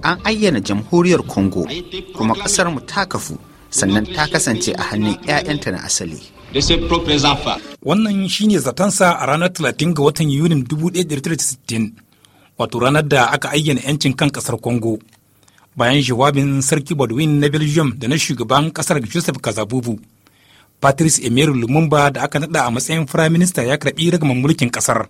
An ayyana jamhuriyar Congo kuma ƙasar mu ta kafu sannan ta kasance a hannun 'ya'yanta na asali. Wannan shine zatansa a ranar 30 ga watan Yunin 1960 wato ranar da aka ayyana 'yancin kan kasar Congo. Bayan jawabin Sarki balwin na Belgium da na shugaban kasar Joseph Kazabubu. Patrice Emery Lumumba da aka nada a matsayin firaminista ya karɓi ragaman mulkin ƙasar.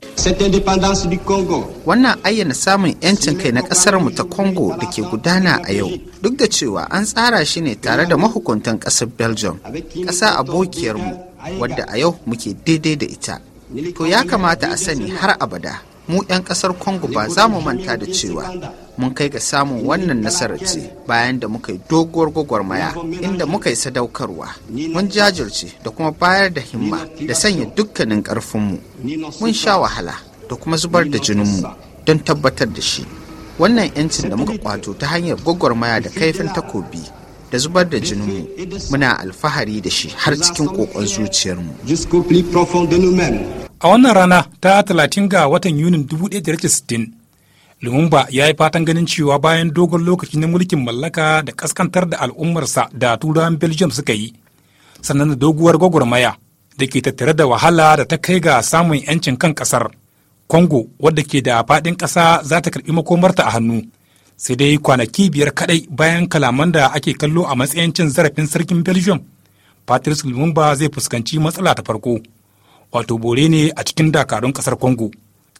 Wannan ayyana samun 'yancin kai na kasar mu ta Congo da ke gudana a yau. Duk da cewa an tsara shi ne tare da mahukuntan ƙasar Belgium, ƙasa abokiyarmu wadda a yau muke daidai da ita. To ya kamata a sani har abada. mu 'yan ƙasar congo ba za mu manta da cewa mun kai ga samun wannan nasarar ce bayan da muka yi doguwar gwagwarmaya inda muka yi sadaukarwa mun jajirce da kuma bayar da himma da sanya dukkanin ƙarfinmu mun sha wahala da kuma zubar da jininmu don tabbatar da shi wannan 'yancin da muka kwato ta hanyar gwagwarmaya da kaifin takobi da zubar da jininmu muna alfahari da shi har cikin kokon zuciyarmu A wannan rana ta 30 ga watan Yunin 1960, Lumumba ya yi fatan ganin cewa bayan dogon lokaci na mulkin mallaka da kaskantar da al'ummarsa da turawan Belgium suka yi, sannan da doguwar gwagwarmaya da ke tattare da wahala da ta kai ga samun 'yancin kan kasar Congo wadda ke da faɗin ƙasa za ta karɓi makomarta a hannu, sai dai kwanaki biyar kaɗai bayan kalaman da ake kallo a matsayin cin zarafin sarkin Belgium, Patrice Lumumba zai fuskanci matsala ta farko. wato bore ne a cikin dakarun kasar congo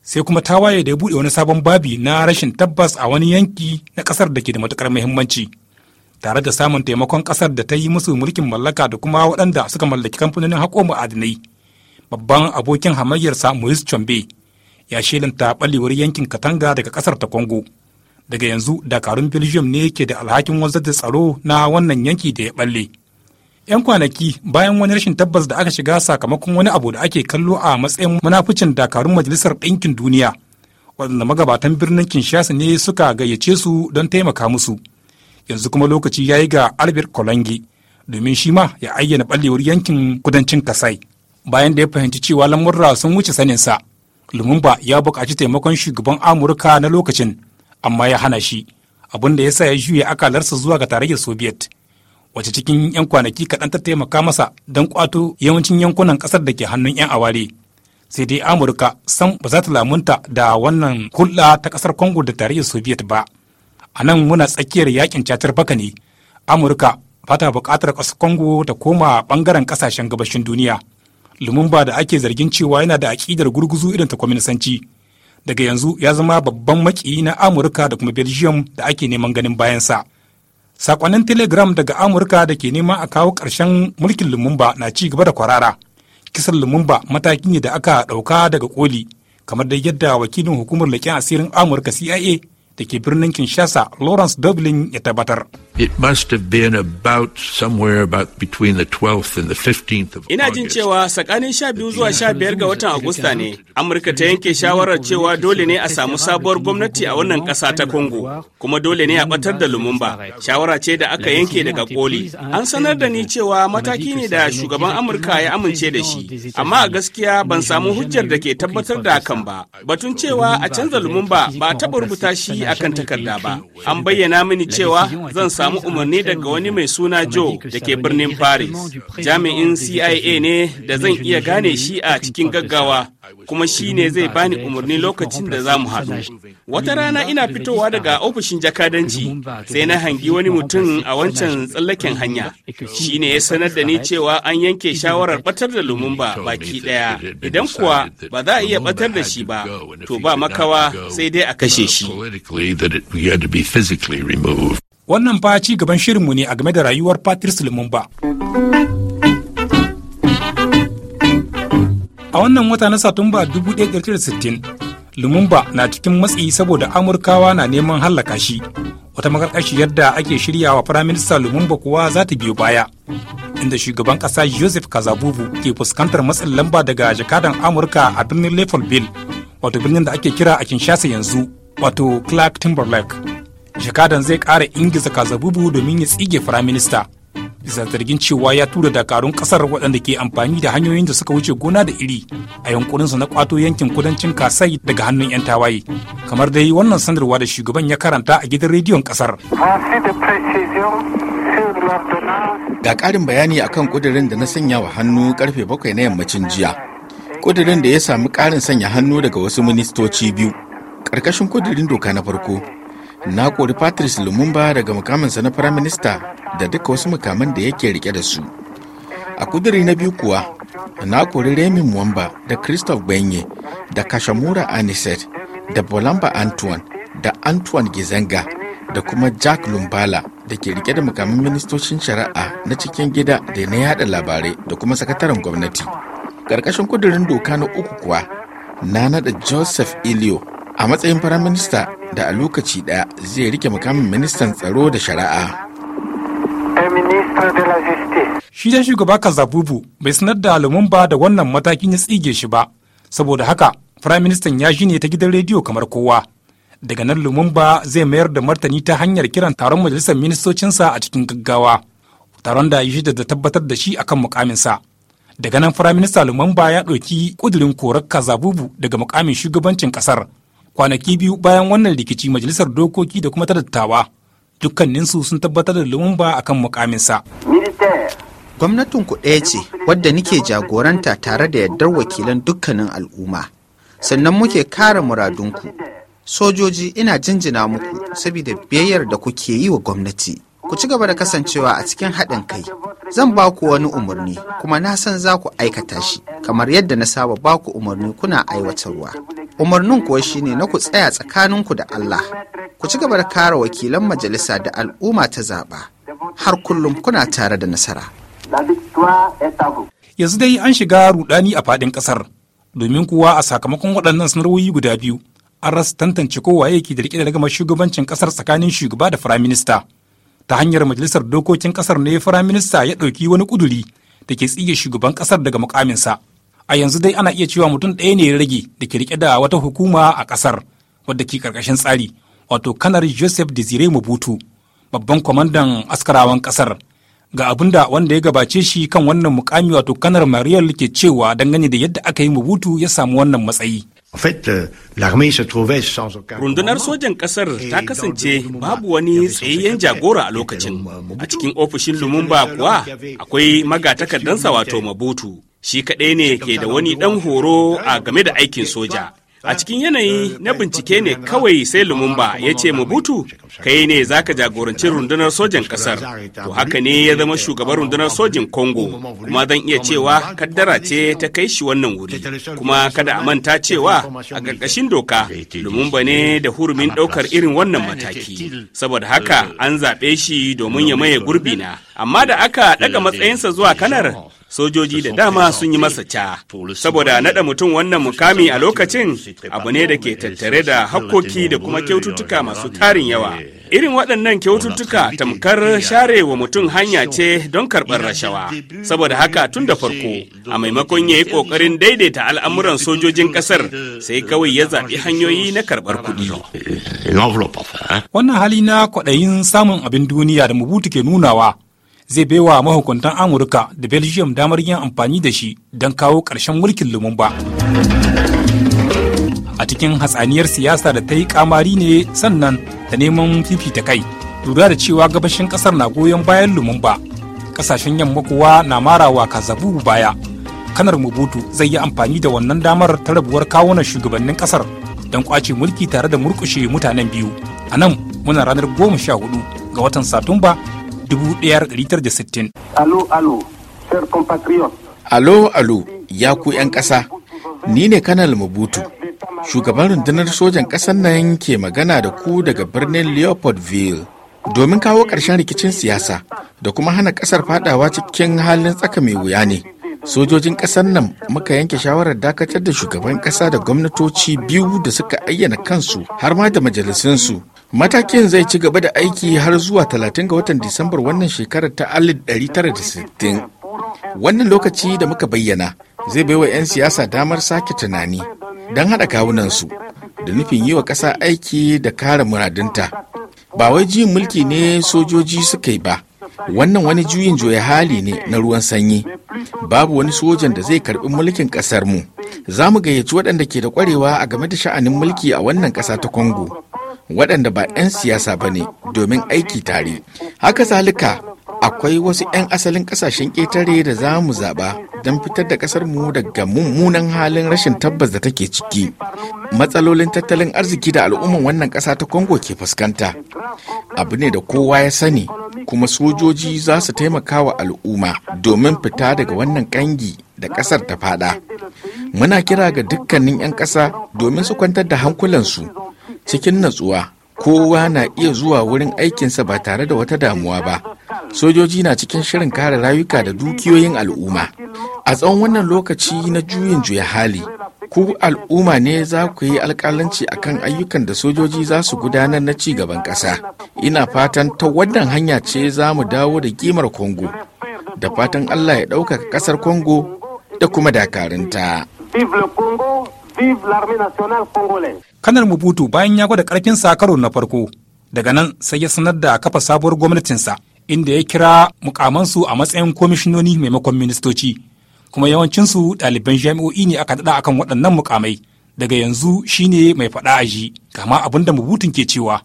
sai kuma ta waye da ya buɗe wani sabon babi na rashin tabbas a wani yanki na kasar da ke da matukar muhimmanci tare da samun taimakon kasar da ta yi musu mulkin mallaka da kuma waɗanda suka mallaki kamfanonin haƙo ma'adinai babban abokin hamayyarsa moise chombe ya shelanta ɓallewar yankin katanga daga kasar ta congo daga yanzu dakarun belgium ne ke da alhakin wanzar da tsaro na wannan yanki da ya ɓalle 'yan kwanaki bayan wani rashin tabbas da aka shiga sakamakon wani abu da ake kallo a matsayin munafucin dakarun majalisar ɗinkin duniya waɗanda magabatan birnin kinshasa ne suka gayyace su don taimaka musu yanzu kuma lokaci ya yi ga albert kolangi domin shi ma ya ayyana ɓallewar yankin kudancin kasai bayan da ya fahimci cewa lamurra sun wuce saninsa lumumba ya buƙaci taimakon shugaban amurka na lokacin amma ya hana shi abin da ya sa ya juya akalarsa zuwa ga tarayyar soviet wacce cikin 'yan kwanaki kaɗan ta taimaka masa don kwato yawancin yankunan ƙasar da ke hannun 'yan aware. Sai dai Amurka sam ba za ta lamunta da wannan hulɗa ta ƙasar Congo da tarayyar Soviet ba. A nan muna tsakiyar yakin cacar baka ne, Amurka ba ta buƙatar ƙasar Congo ta koma ɓangaren ƙasashen gabashin duniya. Lumumba da ake zargin cewa yana da aƙidar gurguzu irin ta kwaminisanci. Daga yanzu ya zama babban maki na Amurka da kuma Belgium da ake neman ganin bayansa. sakonnin telegram daga amurka da ke nema a kawo ƙarshen mulkin lumumba na ci gaba da kwarara kisan lumumba mataki ne da aka ɗauka daga koli kamar da yadda wakilin hukumar leƙen asirin amurka cia da ke birnin kinshasa lawrence dublin ya tabbatar It must have been about somewhere about between the 12th and Ina jin cewa tsakanin 12 zuwa 15 ga watan Agusta ne Amurka ta yanke shawarar cewa dole ne a samu sabuwar gwamnati a wannan ƙasa ta Congo kuma dole ne a batar da Lumumba. Shawara ce da aka yanke daga koli. An sanar da ni cewa mataki ne da shugaban Amurka ya amince da shi, amma a gaskiya ban samu hujjar da ke tabbatar da hakan ba. Batun cewa a canza Lumumba ba taɓa rubuta shi akan takarda ba. An bayyana mini cewa zan samu samu umarni daga wani mai suna Joe da ke birnin Paris. Jami'in CIA ne da zan iya gane shi a cikin gaggawa, kuma shi ne zai bani umarni lokacin da za mu haɗu. Wata rana ina fitowa daga ofishin jakadanci, sai na hangi wani mutum a wancan tsallaken hanya. Shi ne ya sanar da ni cewa an yanke shawarar batar da Lumumba baki ɗaya. Idan kuwa ba za a iya batar da shi ba, to ba makawa sai dai a kashe shi. Wannan fa ci gaban shirinmu ne a game da rayuwar Patrice Lumumba. A wannan wata na Satumba 1960, Lumumba na cikin matsi saboda Amurkawa na neman hallaka shi. Wata makarkashi yadda ake shirya wa Firaminista Lumumba kuwa za ta biyo baya. Inda shugaban ƙasa Joseph Kazabubu ke fuskantar matsin lamba daga jakadan Amurka a birnin Bill wato birnin da ake kira a Kinshasa yanzu, wato Clark Timberlake. jakadan zai kara ingiza kazabubu domin ya tsige firaminista bisa zargin cewa ya tura dakarun kasar waɗanda ke amfani da hanyoyin da suka wuce gona da iri a yankuninsa na kwato yankin kudancin kasai daga hannun 'yan tawaye kamar dai wannan sanarwa da shugaban ya karanta a gidan rediyon kasar ga ƙarin bayani akan kudirin da na sanya wa hannu karfe bakwai na yammacin jiya kudirin da ya sami ƙarin sanya hannu daga wasu ministoci biyu ƙarƙashin kudirin doka na farko na kori patrice lumumba daga mukaminsa na firaminista da duka wasu mukaman da yake rike da su a kuduri na biyu kuwa na kori remi mwamba da christophe gbenye da kashamura aniset da bolamba antoine da antoine gizenga da kuma jack lumbala da ke rike da mukamin ministocin shari'a na cikin gida da na yada labarai da kuma sakataren gwamnati ƙarƙashin kudurin doka na uku kuwa na nada joseph ilio a matsayin firaminista da a lokaci ɗaya zai rike mukamin ministan tsaro da shari'a. Shi dai shugaba Kazabubu bai sanar da Lumumba da wannan matakin ya tsige shi ba, saboda haka firaministan ya shi ne ta gidan rediyo kamar kowa. Daga nan Lumumba zai mayar da martani ta hanyar kiran taron majalisar ministocinsa a cikin gaggawa, taron da ya da tabbatar da shi akan mukaminsa. Daga nan firaminista Lumumba ya ɗauki ƙudurin korar Kazabubu daga mukamin shugabancin ƙasar. kwanaki biyu bayan wannan rikici majalisar dokoki da kuma ta dattawa dukkaninsu sun tabbatar da lumumba akan mukaminsa gwamnatin ku ɗaya ce wadda nike jagoranta tare da yardar wakilan dukkanin al'umma sannan muke kare muradunku sojoji ina jinjina muku saboda biyayyar da kuke yi wa gwamnati ku ci gaba da kasancewa a cikin haɗin kai zan ba ku wani umarni kuma na san za ku aikata shi kamar yadda na saba ba ku umarni kuna aiwatarwa umarnin kuwa shine na ku tsaya tsakaninku da Allah ku ci gaba da kare wakilan majalisa da al'umma ta zaɓa har kullum kuna tare da nasara yanzu dai an shiga rudani a faɗin ƙasar domin kuwa a sakamakon waɗannan sanarwoyi guda biyu an rasa tantance kowa yake da riƙe da shugabancin ƙasar tsakanin shugaba da firaminista. ta hanyar majalisar dokokin kasar ne firaminista ya ɗauki wani ƙuduri da ke tsige shugaban kasar daga mukaminsa a yanzu dai ana iya cewa mutum ɗaya ne ya rage da ke rike da wata hukuma a kasar wadda ke karkashin tsari wato kanar joseph desire mobutu babban kwamandan askarawan kasar ga abin da wanda ya gabace shi kan wannan mukami wato kanar mariel ke cewa dangane da yadda aka yi mubutu ya samu wannan matsayi Euh, Rundunar sojan ƙasar ta kasance babu wani tsayayyen jagora a lokacin. A cikin ofishin Lumumba kuwa akwai magatakardansa wato Mabutu. Shi kaɗai ne ke da wani ɗan horo a game da aikin soja. A cikin yanayi na bincike ne kawai sai Lumumba ya ce mabutu kai ne za ka jagoranci rundunar sojan ƙasar. To haka ne ya zama shugaban rundunar sojin Congo, kuma zan iya cewa kaddara ce ta kai shi wannan wuri. Kuma kada a manta cewa a ƙarƙashin doka, Lumumba ne da hurumin ɗaukar irin wannan mataki. Saboda haka an zaɓe shi domin ya maye gurbina. Amma da aka ɗaga matsayinsa zuwa kanar, sojoji da dama sun yi masa ca saboda naɗa mutum wannan mukami a lokacin abu ne da ke tattare da hakkoki da kuma kyaututtuka masu tarin yawa irin waɗannan kyaututtuka tamkar share wa mutum hanya ce don karɓar rashawa saboda haka tun da farko a maimakon ya yi ƙoƙarin daidaita al'amuran sojojin ƙasar sai kawai ya zaɓi hanyoyi na karɓar kuɗi wannan hali na kwaɗayin samun abin duniya da mubutu ke nunawa zai bai wa mahukuntan amurka da belgium damar yin amfani da shi don kawo ƙarshen mulkin lumumba a cikin hatsaniyar siyasa da ta yi kamari ne sannan da neman fifita kai lura da cewa gabashin kasar na goyon bayan lumumba kasashen yamma kuwa na marawa kazabu baya kanar mubutu zai yi amfani da wannan damar ta rabuwar kawunan shugabannin kasar don kwace mulki tare da murƙushe mutanen biyu a nan muna ranar goma sha hudu ga watan satumba Alo, alo, sir compatriot. Alo, alo, ya ku 'yan ƙasa, ni ne Kanal Mobutu, shugaban rundunar sojan ƙasar nan ke magana da ku daga birnin Leopoldville. Domin kawo ƙarshen rikicin siyasa da kuma hana ƙasar fadawa cikin halin tsaka mai wuya ne, sojojin ƙasar nan muka yanke shawarar dakatar da shugaban ƙasa da gwamnatoci biyu da suka ayyana kansu har ma da majalisinsu. Matakin zai ci gaba da aiki har zuwa 30 ga watan Disambar wannan shekarar ta 1960. Wannan lokaci da muka bayyana zai baiwa 'yan siyasa damar sake tunani don haɗa kawunansu da nufin yi wa ƙasa aiki da kare muradinta. Ba wai juyin mulki ne sojoji suka yi ba, wannan wani juyin juya hali ne na ruwan sanyi. Babu wani sojan da zai karɓi mulkin mu. Za mu gayyaci waɗanda ke da ƙwarewa a game da sha'anin mulki a wannan ƙasa ta Kongo. waɗanda ba 'yan siyasa ba ne domin aiki tare haka zalika akwai wasu 'yan asalin ƙasashen ƙetare da za mu zaɓa don fitar da ƙasar mu daga mummunan halin rashin tabbas da take ciki matsalolin tattalin arziki da al'umman wannan ƙasa ta Kongo ke fuskanta abu ne da kowa ya sani kuma sojoji za su taimaka wa al'umma domin fita daga wannan ƙangi da ƙasar ta faɗa. muna kira ga dukkanin 'yan ƙasa domin su kwantar da hankulansu cikin natsuwa kowa na iya zuwa wurin aikinsa ba tare da wata damuwa ba sojoji na cikin shirin kare rayuka da dukiyoyin al'umma a tsawon wannan lokaci na juyin juya hali ku al'umma ne za ku yi alkalanci akan ayyukan da sojoji za su gudanar na ci gaban ƙasa ina fatan ta wannan hanya ce za mu dawo da kimar kongo, da fatan allah ya ɗaukaka ƙasar kongo da kuma dakarunta. Vive l'armée nationale congolaise. Kanar Mobutu bayan ya gwada sa karo na farko, daga nan sai ya sanar da kafa sabuwar gwamnatinsa, inda ya kira mukamansu a matsayin komishinoni maimakon ministoci, kuma yawancinsu ɗaliban jami'o'i ne aka daɗa akan waɗannan mukamai. daga yanzu shine mai faɗa a ji kama abin da mabutun ke cewa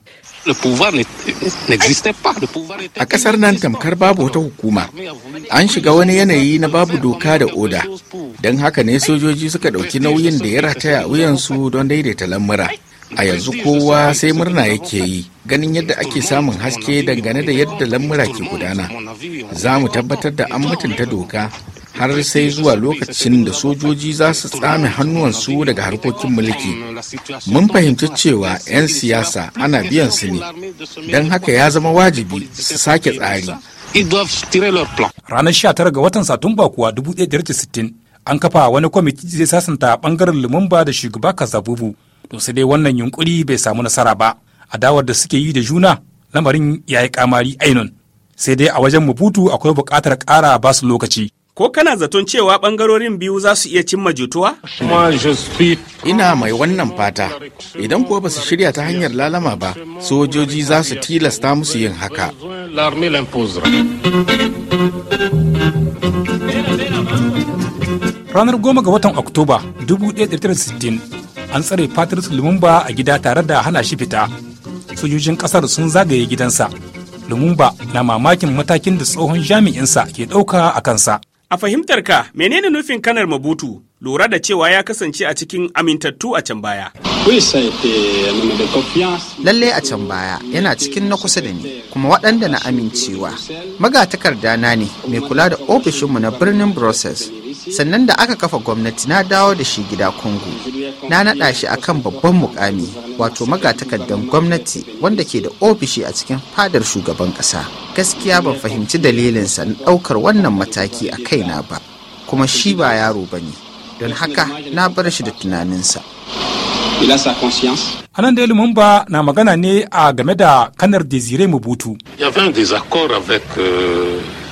a ƙasar nan tamkar babu wata hukuma an shiga wani yanayi na babu doka da oda don haka ne sojoji suka ɗauki nauyin da ya rataya a wuyansu don daidaita lamura a yanzu kowa sai murna yake yi ganin yadda ake samun haske dangane da yadda lamura ke gudana za mu tabbatar da an mutunta doka har sai zuwa lokacin da sojoji za su tsame hannuwansu daga harkokin mulki mun fahimci cewa 'yan siyasa ana biyan su ne don haka ya zama wajibi su sake tsari ranar 19 ga watan satumba kuwa 1960 an kafa wani kwamiti zai sasanta bangaren lumumba da shugaba kazabubu to sai dai wannan yunkuri bai samu nasara ba a dawar da suke yi da juna lamarin ya yi kamari ainun sai dai a wajen mabutu akwai bukatar ƙara basu lokaci Ko kana zaton cewa ɓangarorin biyu za su iya cimma jituwa? Ina mai wannan fata, idan kuwa ba su shirya ta hanyar lalama ba, sojoji za su tilasta musu yin haka. Ranar goma ga watan Oktoba 1960 an tsare Patrice Lumumba a gida tare da hana shi fita. Sojojin ƙasar sun zagaye gidansa. Lumumba na mamakin matakin da tsohon jami'insa ke ɗauka a kansa. A fahimtar fahimtarka menene nufin kanar Mabutu? lura da cewa ya kasance a cikin amintattu a can baya. Eh, Lalle a can baya yana cikin na kusa da ni kuma waɗanda na amincewa. Magatakarda na ne mai kula da ofishinmu na birnin Brussels. Sannan da aka kafa gwamnati na dawo da shi gida Congo. Na naɗa shi a kan babban mukami wato magatakardan gwamnati wanda ke da ofishi a cikin fadar shugaban ƙasa. Gaskiya ban fahimci dalilinsa na ɗaukar wannan mataki a kaina ba. Kuma shi ba yaro ba ne. don haka na bar shi da tunaninsa a nan dai lumumba na magana ne a game da kanar mu butu. Euh,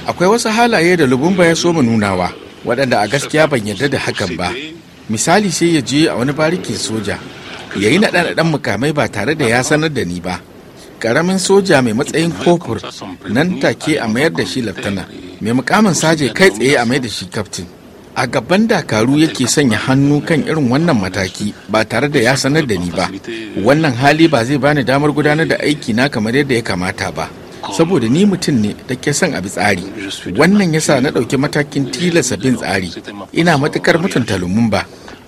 akwai wasu halaye da lumumba ya so mu nunawa waɗanda a gaskiya ban yarda da hakan ba misali sai ya je a wani barikin soja ya yi naɗa-naɗan mukamai ba tare da ya sanar da ni ba ƙaramin soja mai matsayin kofur nan take a mayar da shi laftana mai mukamin saje kai tsaye a mayar da shi kaftin a gaban dakaru yake sanya hannu kan irin wannan mataki ba tare da ya sanar da ni ba wannan hali ba zai bani damar gudanar da aiki na kamar yadda ya kamata ba saboda ni mutum ne da ke son abi tsari wannan yasa na ɗauki matakin tilasta bin tsari ina matukar mutunta lumumba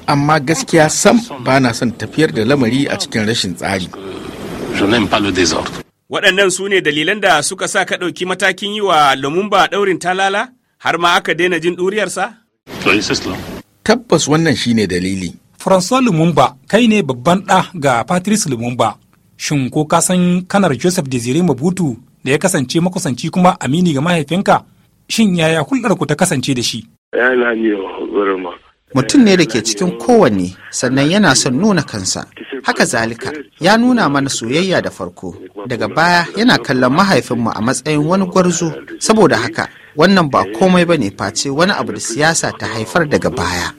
amma gaskiya sam ba na son tafiyar da lamari a cikin rashin tsari waɗannan su ne dalilan da suka sa ka ɗauki matakin yi wa lumumba ɗaurin talala har ma aka daina jin ɗuriyarsa Tabbas wannan shine dalili. François Lumumba kai ne babban ɗa ga Patrice Lumumba. Shin ko ka san kanar Joseph Desire Mabutu da ya kasance makusanci kuma amini ga mahaifinka? Shin yaya hulɗar ku ta kasance da shi? mutum ne da ke cikin kowanne sannan yana son nuna kansa haka zalika ya nuna mana soyayya da farko daga baya yana kallon mahaifinmu a matsayin wani gwarzo saboda haka wannan ba komai ba ne face wani abu da siyasa ta haifar daga baya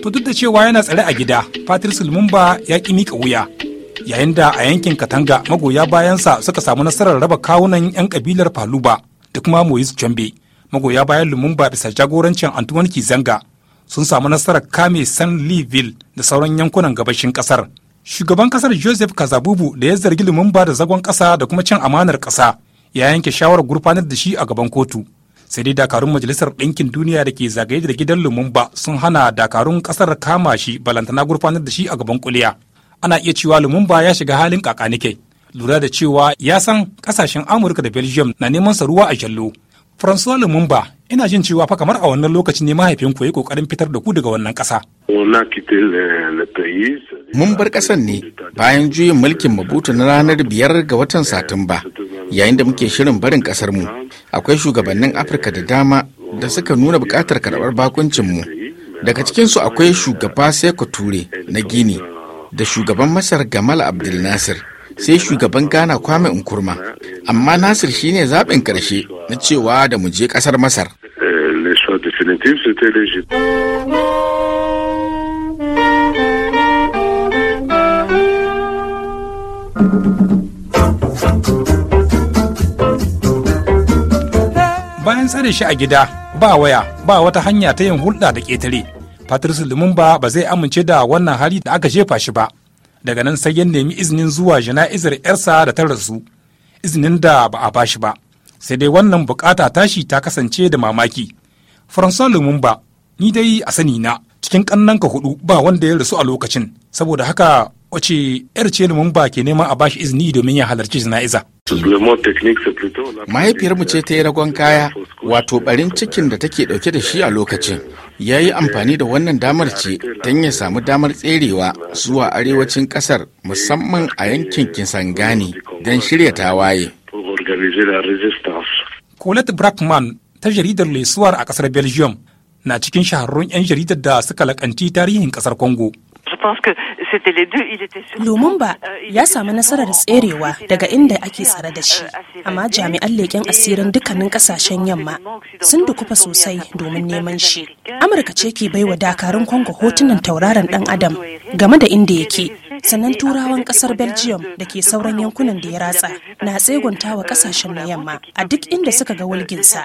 To da cewa yana tsare a gida, Patrice Lumumba ya ƙi mika wuya yayin da a yankin katanga magoya bayansa suka samu nasarar raba kawunan 'yan kabilar faluba da kuma moise chambe magoya bayan lumumba bisa jagorancin antoine kizanga sun samu nasarar kame san leeville da sauran yankunan gabashin kasar shugaban kasar joseph kazabubu da ya zargi lumumba da zagon kasa da kuma cin amanar kasa ya yanke shawarar gurfanar da shi a gaban kotu sai dai dakarun majalisar ɗinkin duniya da ke zagaye da gidan lumumba sun hana dakarun kasar kama shi balantana gurfanar da shi a gaban kuliya ana iya cewa lumumba ya shiga halin kakanike lura da cewa ya san kasashen amurka da belgium na neman sa ruwa a jallo francois lumumba ina jin cewa fa kamar a wannan lokacin ne mahaifinku ya kokarin fitar da ku daga wannan kasa mun bar kasan ne bayan juyin mulkin mabutu na ranar biyar ga watan satumba yayin da muke shirin barin kasar mu akwai shugabannin afirka da dama da suka nuna bukatar karɓar bakuncin mu daga cikinsu akwai shugaba seko ture na gini da shugaban masar gamal abdul nasir sai shugaban ghana kwame nkurma amma nasir shine zaɓin ƙarshe na cewa da mu je ƙasar masar bayan tsare shi a gida ba waya ba wata hanya ta yin hulɗa da ƙetare patrice lumumba ba zai amince da wannan hali da aka jefa shi ba daga nan sai ya nemi izinin zuwa jana'izar yarsa da ta rasu izinin da ba a bashi ba sai dai wannan bukata tashi ta kasance da mamaki François lumumba ni dai a sani na cikin ka hudu ba wanda ya rasu a lokacin saboda haka wace yar ce lumumba ke neman a bashi izini domin ya halarci jana'iza mahaifiyarmu ce ta yi ragon kaya wato barin cikin da take dauke da shi a lokacin ya yi amfani da wannan damar ce don ya samu damar tserewa zuwa arewacin kasar musamman a yankin kisangani don shirya tawaye colette brackman ta jaridar lesuwar a kasar belgium na cikin shahararrun 'yan jaridar da suka lakanci tarihin kasar congo Lumumba euh, ya samu nasarar tserewa daga inda ake tsare da euh, shi, amma jami'an leƙen euh, asirin dukkanin ƙasashen yamma sun dukufa sosai domin neman shi. Amurka ce ke baiwa dakarun Kongo hotunan tauraron ɗan Adam game da inda yake sannan eh, turawan kasar belgium da ke sauran yankunan da ya ratsa na tsegunta wa kasashen na yamma a duk inda suka ga wulginsa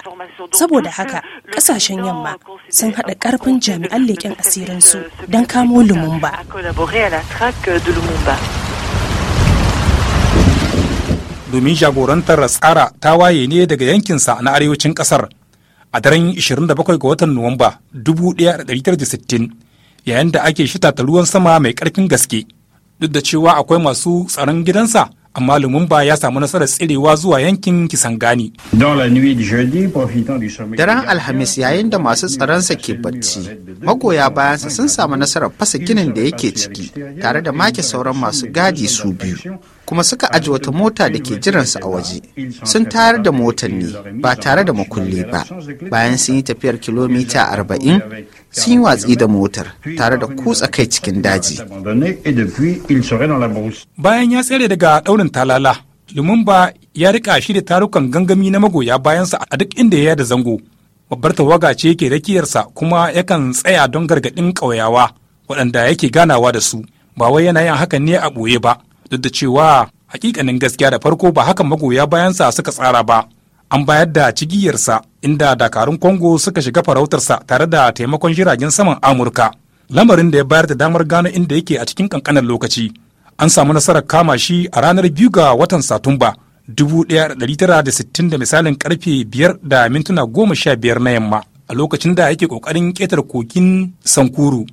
saboda haka kasashen yamma sun haɗa ƙarfin jami'an leƙen asirinsu euh, don kamo lumumba domin jagorantar tsara ta waye ne daga yankinsa na arewacin kasar a daren 27 ga watan Nuwamba 1960 yayin da ake shi ruwan sama mai ƙarfin gaske duk da cewa akwai masu tsaron gidansa amma Lumumba ya samu nasarar tsirewa zuwa yankin Kisangani. Daren Alhamis yayin da masu tsaronsa ke bacci, magoya bayansa sun samu nasarar fasa ginin da yake ciki tare da make sauran masu gadi su biyu. kuma suka aji wata mota da ke jiransu a waje sun tayar da motar ne ba tare da makulli ba bayan sun yi tafiyar kilomita arba'in sun yi watsi da motar tare da kutsa kai cikin daji. Bayan ya tsere daga ɗaurin talala, Lumumba ya rika shi da tarukan gangami na magoya bayansa a duk inda ya da zango. Babbar tawaga ce yake rakiyarsa kuma yakan tsaya don gargaɗin ƙauyawa waɗanda yake ganawa da su. Ba wai yana yin hakan ne a ɓoye ba, duk da cewa hakikanin gaskiya da farko ba hakan magoya bayansa suka tsara ba. an bayar da cigiyarsa inda dakarun congo suka shiga farautarsa tare da taimakon jiragen saman amurka lamarin da ya bayar da damar gano inda yake a cikin kankanin lokaci an samu nasarar kama shi a ranar biyu ga watan satumba Dubu 1960 da sittin misalin karfe biyar da mintuna goma sha biyar na yamma a lokacin da yake kokarin ketar kokin sankuru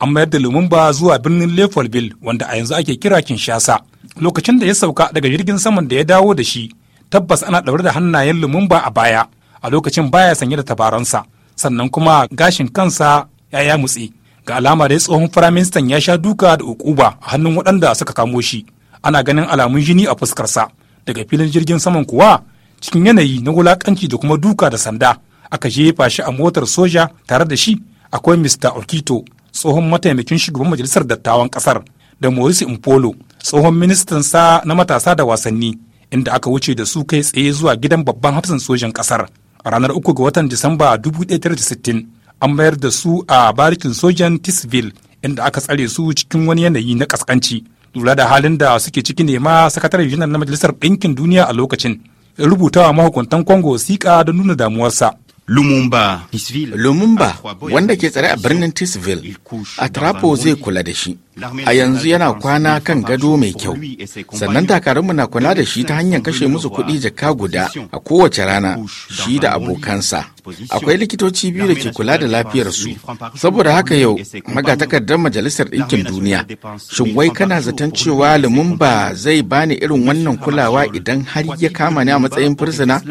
an mayar da lumumba zuwa birnin lefolville wanda a yanzu ake kira kinshasa lokacin da ya sauka daga jirgin saman da ya dawo da shi tabbas ana ɗaure da hannayen lumumba a baya a lokacin baya sanye da tabaransa sannan kuma gashin kansa ya ya mutse ga alama dai tsohon firaministan ya sha duka da ukuba a hannun waɗanda suka kamo shi ana ganin alamun jini a fuskarsa daga filin jirgin saman kuwa cikin yanayi na wulakanci da kuma duka da sanda aka jefa shi a motar soja tare da shi akwai mr okito tsohon mataimakin shugaban majalisar dattawan kasar da morisi impolo tsohon ministansa na matasa da wasanni inda aka wuce da su kai tsaye zuwa gidan babban hafsan sojan kasar A ranar uku ga watan Disamba 1960 an mayar da su a barikin sojan Tisville inda aka tsare su cikin wani yanayi na kaskanci Lura da halin da suke ciki ne ma sakataren janar na Majalisar Ɗinkin Duniya a lokacin. rubutawa mahukuntan Congo siƙa don nuna damuwarsa Lumumba. Lumumba wanda ke tsare a birnin Tisville, a Trapo zai kula da shi. A yanzu yana kwana kan gado mai kyau. Sannan takarunmu na kula da shi ta hanyar kashe musu kuɗi jaka guda a kowace rana shi da abokansa. Akwai likitoci biyu da ke kula da lafiyar su. Saboda haka yau magatakardar Majalisar Ɗinkin Duniya. Shin wai kana zaton cewa Lumumba zai bani irin wannan kulawa idan har ya kama ni a matsayin fursuna?